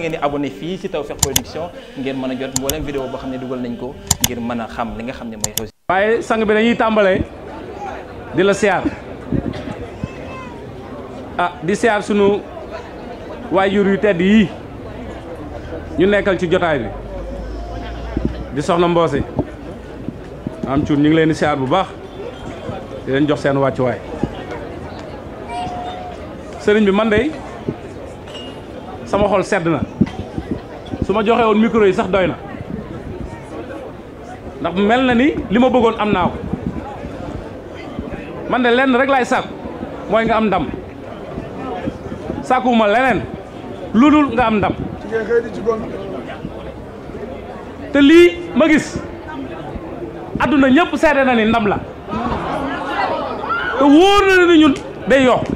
ngeen di abonné fii ci Tawfekh Production ngeen mën a jot mboolem vidéo boo xam ne dugal nañ ko ngir mën a xam li nga xam ne mooy xew waaye sang bi dañuy tàmbalee di la siyaar ah di siyaar sunu waajur yu tedd yii ñu nekkal ci jotaay bi di soxna mboose am cuun ñu ngi leen di siyaar bu baax di leen jox seen wàccuwaay sëriñ bi man de sama xol sedd na su ma joxe woon micro yi sax doy na ndax mel na ni li ma bëggoon am naa ko man de lenn rek laay sàkku mooy nga am ndam sàkkuwuma leneen lu dul nga am ndam te lii ma gis adduna ñëpp seede na ni ndam la te wóor na ni ñun day yokk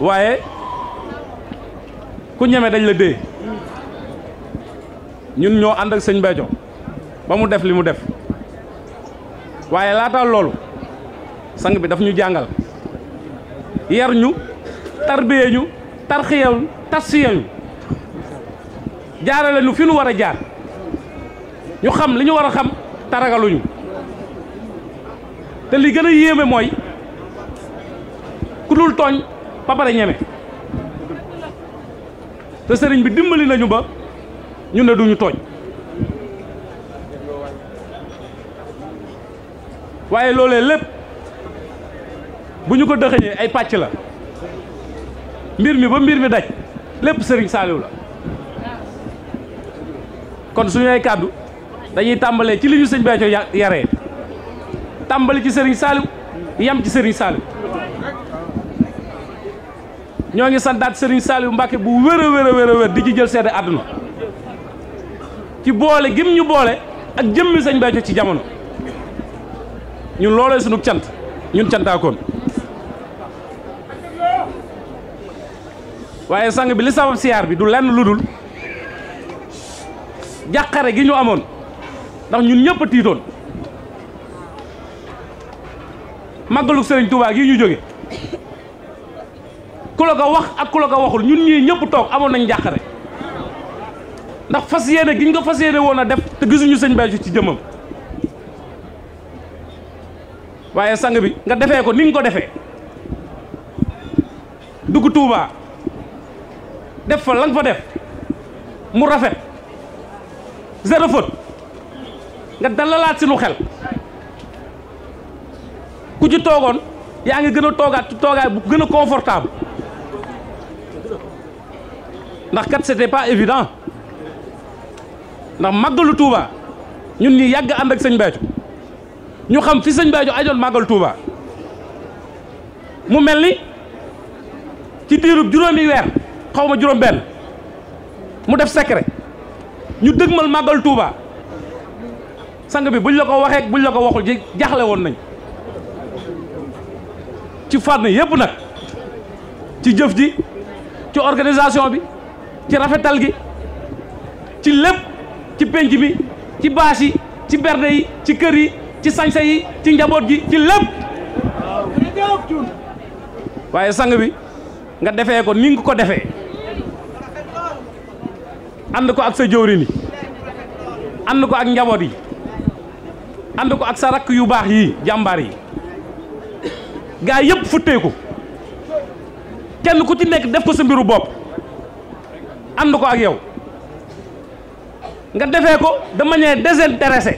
waaye ku ñeme dañ la dee ñun ñoo ànd ak sëñ Béthio ba mu def li mu def waaye laata loolu sang bi daf ñu jàngal yar ñu tarbiyee ñu tarxiyew tassiye ñu jaarale ñu fi nu war a jaar ñu xam li ñu war a xam taragaluñu te li gën a yéeme mooy ku dul tooñ papare pare ñeme te sëriñ bi dimbali nañu ba ñu ne duñu tooñ waaye loolee lépp bu ñu ko dëxëñee ay pàcc la mbir mi ba mbir mi daj lépp sëriñ Saaliw la kon suñu ay kàddu dañuy tàmbalee ci li ñu sëñ yare yaree tàmbali ci sëriñ Saaliw yam ci sëriñ Saaliw ñoo ngi santaat Serigne Saliou Mbacke bu wér a wér a wér wér di ci jël seede àdduna ci boole gim ñu boole ak jëmmi Sëñ Béthio ci jamono ñun loolee sunu cant ñun cantaakoon waaye sang bi li sabab siyaar bi du lenn lu dul jàqare gi ñu amoon ndax ñun ñëpp a tiitoon màggalug Serigne Touba gi ñu jóge ku la wax ak ku la waxul ñun ñii ñëpp toog amoon nañ njàqare ndax fas yéene gi ñu ko fas yéene woon a def te gisuñu sëñ Béthio ci jëmmam waaye sang bi nga defee ko ni ko defe dugg Touba def fa la nga fa def mu rafet zéro faute nga dalalaat si nu xel ku ci toogoon yaa ngi gën a toogaat ci toogaay bu gën a confortable ndax kat c'était pas évident ndax màggalu Touba ñun ñi yàgg ànd ak sëñ Béthio ñu xam fi sëñ Béthio ajoon màggal Touba mu mel ni ci diirub juróomi weer xaw ma juróom benn mu def secret ñu dëgmal màggal Touba sang bi buñ la ko waxee buñ la ko waxul ji jaaxle woon nañ ci fànn yépp nag ci jëf ji ci organisation bi ci rafetal gi ci lépp ci penc bi ci baas yi ci berde yi ci kër yi ci sañse yi ci njaboot gi ci lépp waaye sang bi nga defee ko ni ko defee ànd ko ak sa jëwriñ yi ko ak njaboot yi ànd ko ak sa rakk yu baax yi jàmbaar yi gaa yëpp ko kenn ku ci nekk def ko sa mbiru bopp ànd ko ak yow nga defee ko de manière désintéressée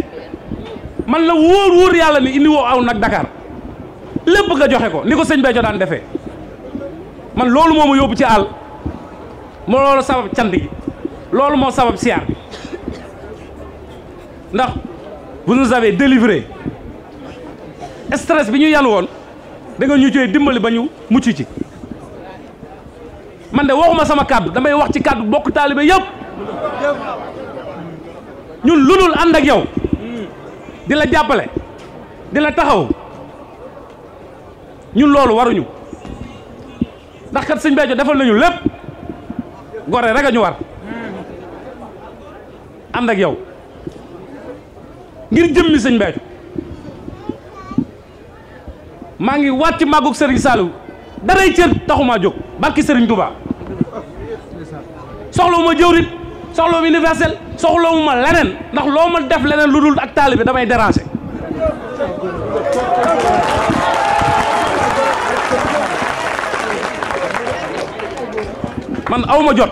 man la wóor wóor yàlla ni indi woo aw nag Dakar lépp nga joxe ko ni ko sëñ Béthio daan defee man loolu moo ma yóbbu ci àll moo loolu sabab cant gi loolu moo sabab siyaar bi ndax vous nous avez délivré stress bi ñuy yan woon da nga ñu cooy dimbali ba ñu mucc ci man de waxuma sama kàddu damay wax ci kàddu bokk taalibe yëpp ñun lu dul ànd ak yow di la jàppale di la taxaw ñun loolu waruñu ndax kat sëñ Béthio defal nañu lépp gore rek a ñu war ànd ak yow ngir jëmmi sëñ Béthio maa ngi waat ci màggug Serigne Saliou daray cër taxumaa jóg barki sëriñ Touba soxlawuma jëwrit soxlawuma universel soxlawuma leneen ndax loo ma def leneen lu dul ak taalibe damay déranger man awma jot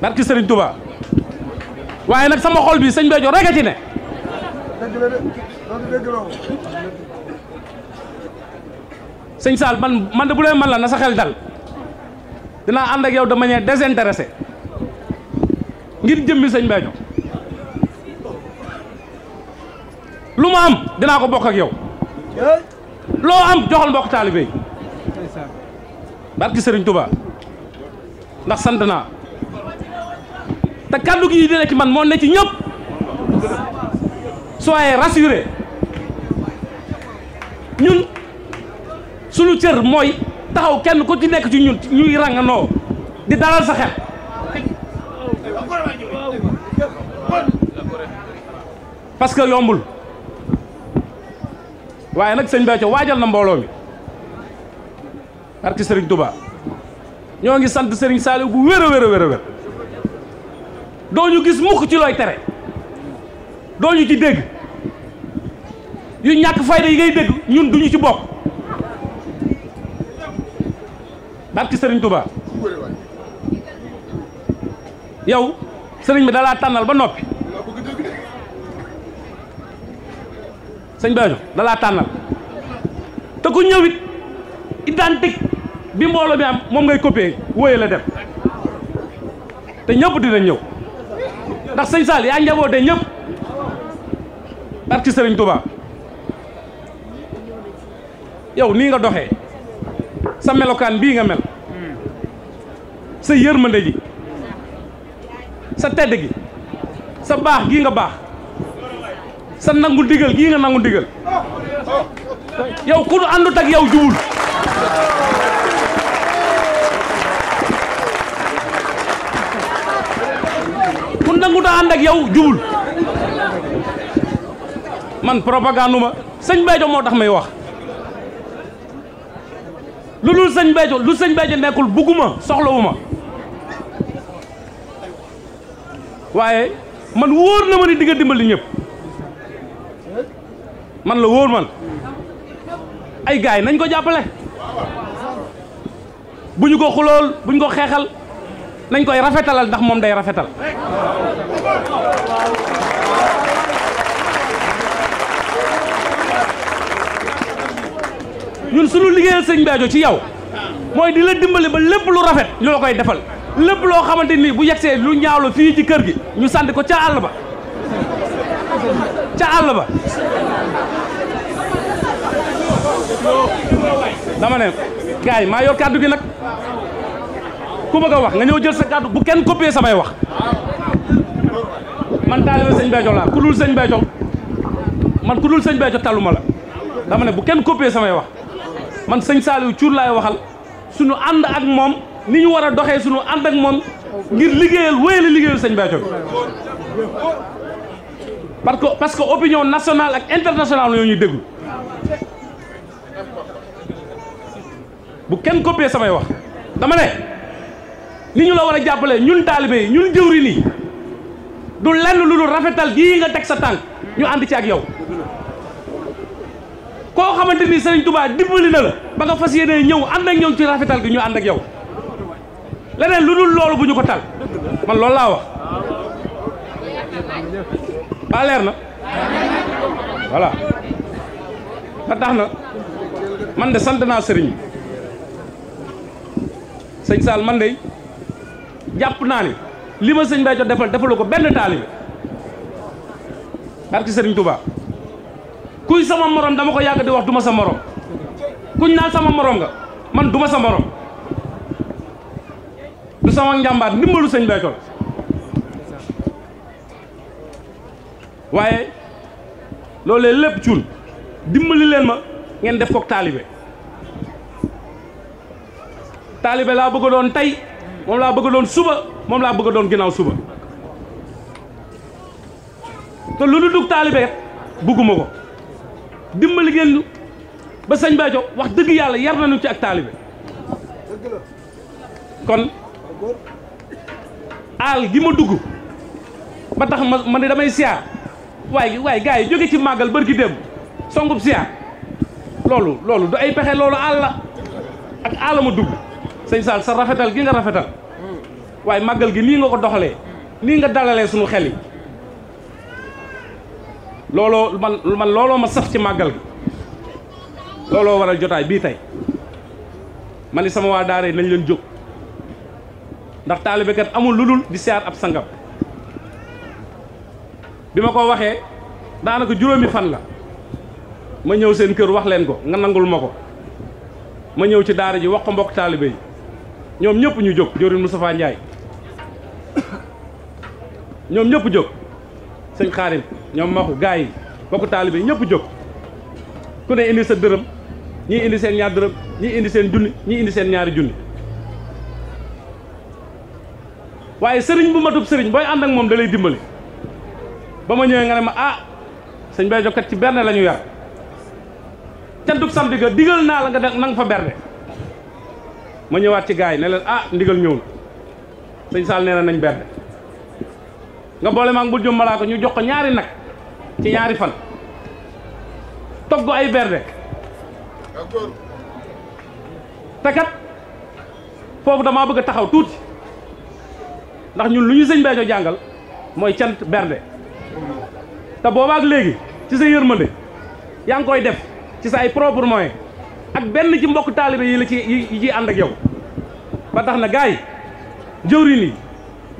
barki sëriñ Touba waaye nag sama xol bi sëñ Béthio rek a ci ne sëñ Saal man man de bu man la na sa xel dal dinaa ànd ak yow de manière ngir jëmmi sëñ Béthio lu ma am dinaa ko bokk ak yow loo am joxal mbokk taalibe yi barki sëriñ Touba ndax sant naa te kàddu gi dina ci man moo ne ci ñëpp soyez rassurés ñun suñu cër mooy taxaw kenn ku ci nekk ci ñun ñuy ràngandoo di dalal sa xel parce que yombul waaye nag sëñ Béthio waajal na mbooloo mi barki sëriñ Touba ñoo ngi sant sëriñ Saliou bu wér a wér a doo ñu gis mukk ci looy tere doo ñu ci dégg yu ñàkk fayda yi ngay dégg ñun duñu ci bokk barki sëriñ Touba yow bi dalaa tànnal ba noppi sëñ Badio dalaa tànnal te ku ñëwit identique bi mbooloo mi am moom ngay copier wóoye la dem te ñëpp dinañ ñëw ndax sëñ Sall yaa njaboote ñëpp barki sëriñ Touba yow nii nga doxee sa melokaan bii nga mel sa yërmande ji sa tedd gi sa baax gii nga baax sa nangu digal gii nga nangu digal yow ku nu àndut ak yow jubul ku nanguta ànd ak yow jubul man propagande ma sëñ Béthio moo tax may wax lu dul sëñ Béthio lu sëñ Béthio nekkul bugguma soxlawuma waaye man wóor na ma ni dimbali ñëpp man la wóor man ay gaay nañ ko jàppale bu ñu ko xulool bu ñu ko xeexal nañ koy rafetalal ndax moom day rafetal ñun suñu liggéeyal sëñ Béthio ci yow mooy di la dimbali ba lépp lu rafet loo koy defal lépp loo xamante nii bu yegsee lu ñaawlo fii ci kër gi ñu sànni ko ca àll ba ca àll ba dama ne gars yi maa yor kàddu gi nag ku bëgg a wax nga ñëw jël sa kàddu bu kenn copier samay wax man taalibe sëñ Béthio laa ku dul sëñ Béthio man ku dul sëñ Béthio taluma la dama ne bu kenn copier samay wax man sëñ Saliou Thiour laay waxal suñu ànd ak moom ni ñu war a doxee suñu ànd ak moom ngir liggéeyal wéyale liggéeyal sëñ Béthio parce que parce que opinion nationale ak internationale ñoo ñuy déglu bu kenn copier samay wax dama ne ni ñu la war a jàppale ñun taalibe yi ñun jëwri nii du lenn lu dul rafetal gii nga teg sa tànk ñu ànd ci ak yow koo xamante ni Serigne Touba dimbali na la ba nga fas yéene ñëw ànd ak ñoom ci rafetal gi ñu ànd ak yow leneen lu dul loolu bu ñu ko tal man loolu laa wax ba leer na voilà ba tax na man de sant naa Serigne sëñ Sall man de jàpp naa ni li ma sëñ Béthio defal defalu ko benn taalibe barki sëriñ tubaa kuy sama morom dama ko yàq di wax du ma sa morom kuñ naa sama moroom nga man du ma sa morom du sama njàmbaar ndimbalu sëñ Béthio waaye loolee lépp cuun dimbali leen ma ngeen def kook taalibe taalibe laa bëgg doon tey moom laa bëgg doon suba moom laa bëgg doon ginnaaw suba te lu lu dug taalibe bugguma ko dimbali ngeen ba sëñ baajo wax dëgg yàlla yar nu ci ak taalibe kon aal gi ma dugg ba tax ma man damay siyaar waaye waaye gaa yi jóge ci màggal bërki démb songub siyaar loolu loolu du ay pexe loolu àll la ak àll ma dugg sëñ Saal sa rafetal gi nga rafetal waaye màggal gi nii nga ko doxalee nii nga dalalee sunu xel yi looloo man looloo ma saf ci màggal gi looloo waral jotaay bii tey ma ni sama waa daara yi nañ leen jóg ndax taalibe kat amul lu dul di siyaar ab sangam bi ma ko waxee daanaka juróomi fan la ma ñëw seen kër wax leen ko nga nangul ma ko ma ñëw ci daara ji wax ko taalibe ñoom ñëpp ñu jóg. Joriñ Moustapha Ndiaye ñoom ñëpp jóg. sëñ xaarim ñoom maxu gars yi bokk taalibe ñëpp jóg ku ne indi sa dërëm ñii indi seen ñaar dërëm ñii indi seen junni ñii indi seen ñaari junni waaye sëriñ bu matub sëriñ booy ànd ak moom da lay dimbali ba ma ñëwee nga ne ma a ah, sëñ bay jokkat ci berne lañu ñu yar cantub samedi ga digal naa la nga nanga fa berne ma ñëwaat ci gars yi ne leen ah ndigal ñëw na sëñ Sall nee na nañ berne nga boole maag bul jum malaaka ñu jox ko ñaari nag ci ñaari fan togg ay berde te kat foofu damaa bëgg a taxaw tuuti ndax ñun lu ñu sëñ Béthio jàngal mooy cant berde te boobaak léegi ci sa yërmande yaa ngi koy def ci sa ay propre ak benn ci mbokk taalibe yi la ci yi ànd yow ba tax na gars yi jëwriñ yi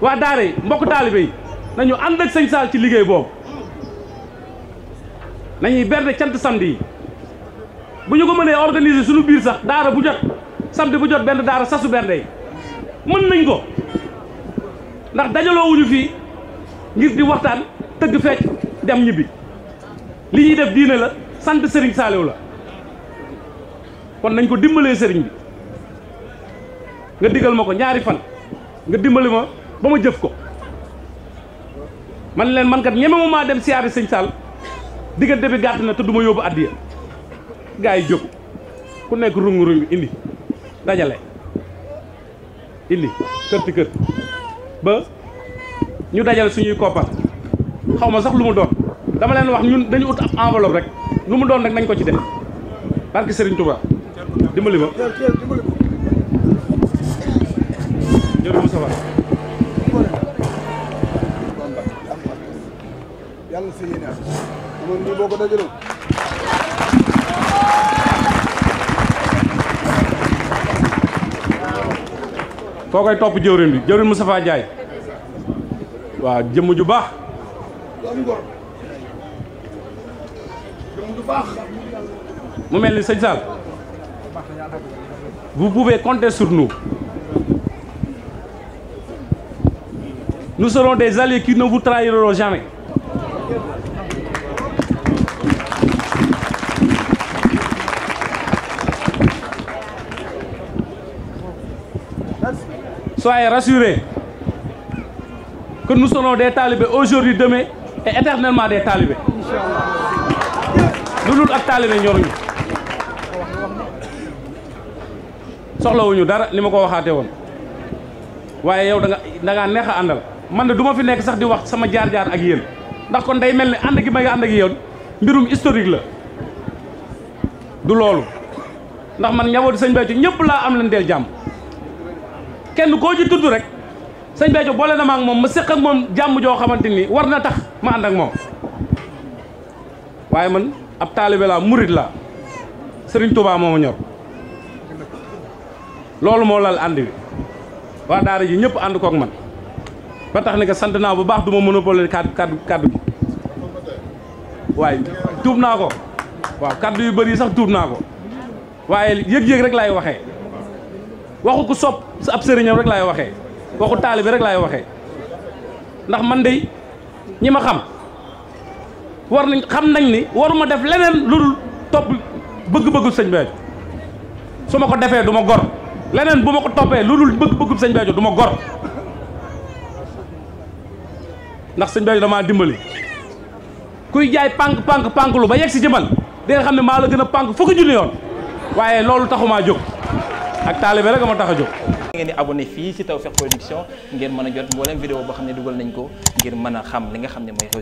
waa daara mbokk taalibe nañu ànd ak sëñ Saal ci liggéey boobu nañuy berde cant samedi yi bu ñu ko mënee organiser suñu biir sax daara bu jot samedi bu jot benn daara sasu berde yi mën nañ ko ndax dajaloowuñu fii ngir di waxtaan tëgg fecc dem ñibbi li ñuy def diine la sant sëriñ Saaliw la kon nañ ko dimbalee sëriñ bi nga digal ma ko ñaari fan nga dimbali ma ba ma jëf ko man leen man kat ñemewu maa dem siyaari sëñ Sall diggante bi gàtt na te du ma yóbbu addiya gaa yi jóg ku nekk rungu rungu indi dajale indi kër ti kër ba ñu dajale suñuy koppar xaw ma sax lu mu doon dama leen wax ñun dañu ut ab enveloppe rek lu mu doon rek nañ ko ci def barke Serigne Touba dimbali ma. yàlla na sa koy topp jëwrin bi jëwrin Moustapha jaay waaw jëmm ju baax mu mel ni sëñ Sall vous pouvez compter sur nous nous serons des alliés qui ne vous trahiront jamais Soyez rassurés que nous serons des talibés aujourd'hui, demain et éternellement des talibés. lu dul ak talibé ñoruñu soxlawuñu dara li ma ko waxaate woon waaye yow danga dangaa da ngaa neex a man de du ma fi nekk sax di wax sama jaar-jaar ak yéen ndax kon day mel ni ànd gi may ànd ak yéen mbirum historique la du loolu ndax man njabooti sëñ Béthio ñëpp laa am leen del jàmm kenn koo ci tudd rek sëñ Béthio boole na ma moom ma séq ak moom jàmm joo xamante ni war na tax ma ànd ak moom waaye man ab taalibe laa murit laa sëriñ Touba moo ma ñor loolu moo lal ànd wi waa daara ji ñëpp ànd kook man ba tax ne que sant naa bu baax du ma monopole kàddu kàddu kàddu gi waaye tuub naa ko waaw kàddu yu bëri sax tuub naa ko waaye yëg-yëg rek laay waxee waxu ku sopp sa ab sëriñam rek laay waxee waxu taalibe rek laay waxee ndax man dey ñi ma xam war nañ xam nañ ni waruma def leneen lu dul topp bëgg-bëggu sëñ Béthio su ma ko defee du ma gor leneen bu ma ko toppee lu dul bëgg-bëggu sëñ Béthio du ma gor ndax sëñ Béthio damaa dimbali kuy jaay pànk pànk pànk lu ba yegg si jëmal di nga xam ne maa la gën a pànk fukki junni yoon waaye loolu taxumaa jóg ak taalibe rek ma tax a jóg. ngeen di abonné fii ci Tawfekh Production ngeen mën a jot mboolem vidéo boo xam ne dugal nañ ko ngir mën a xam li nga xam ne mooy.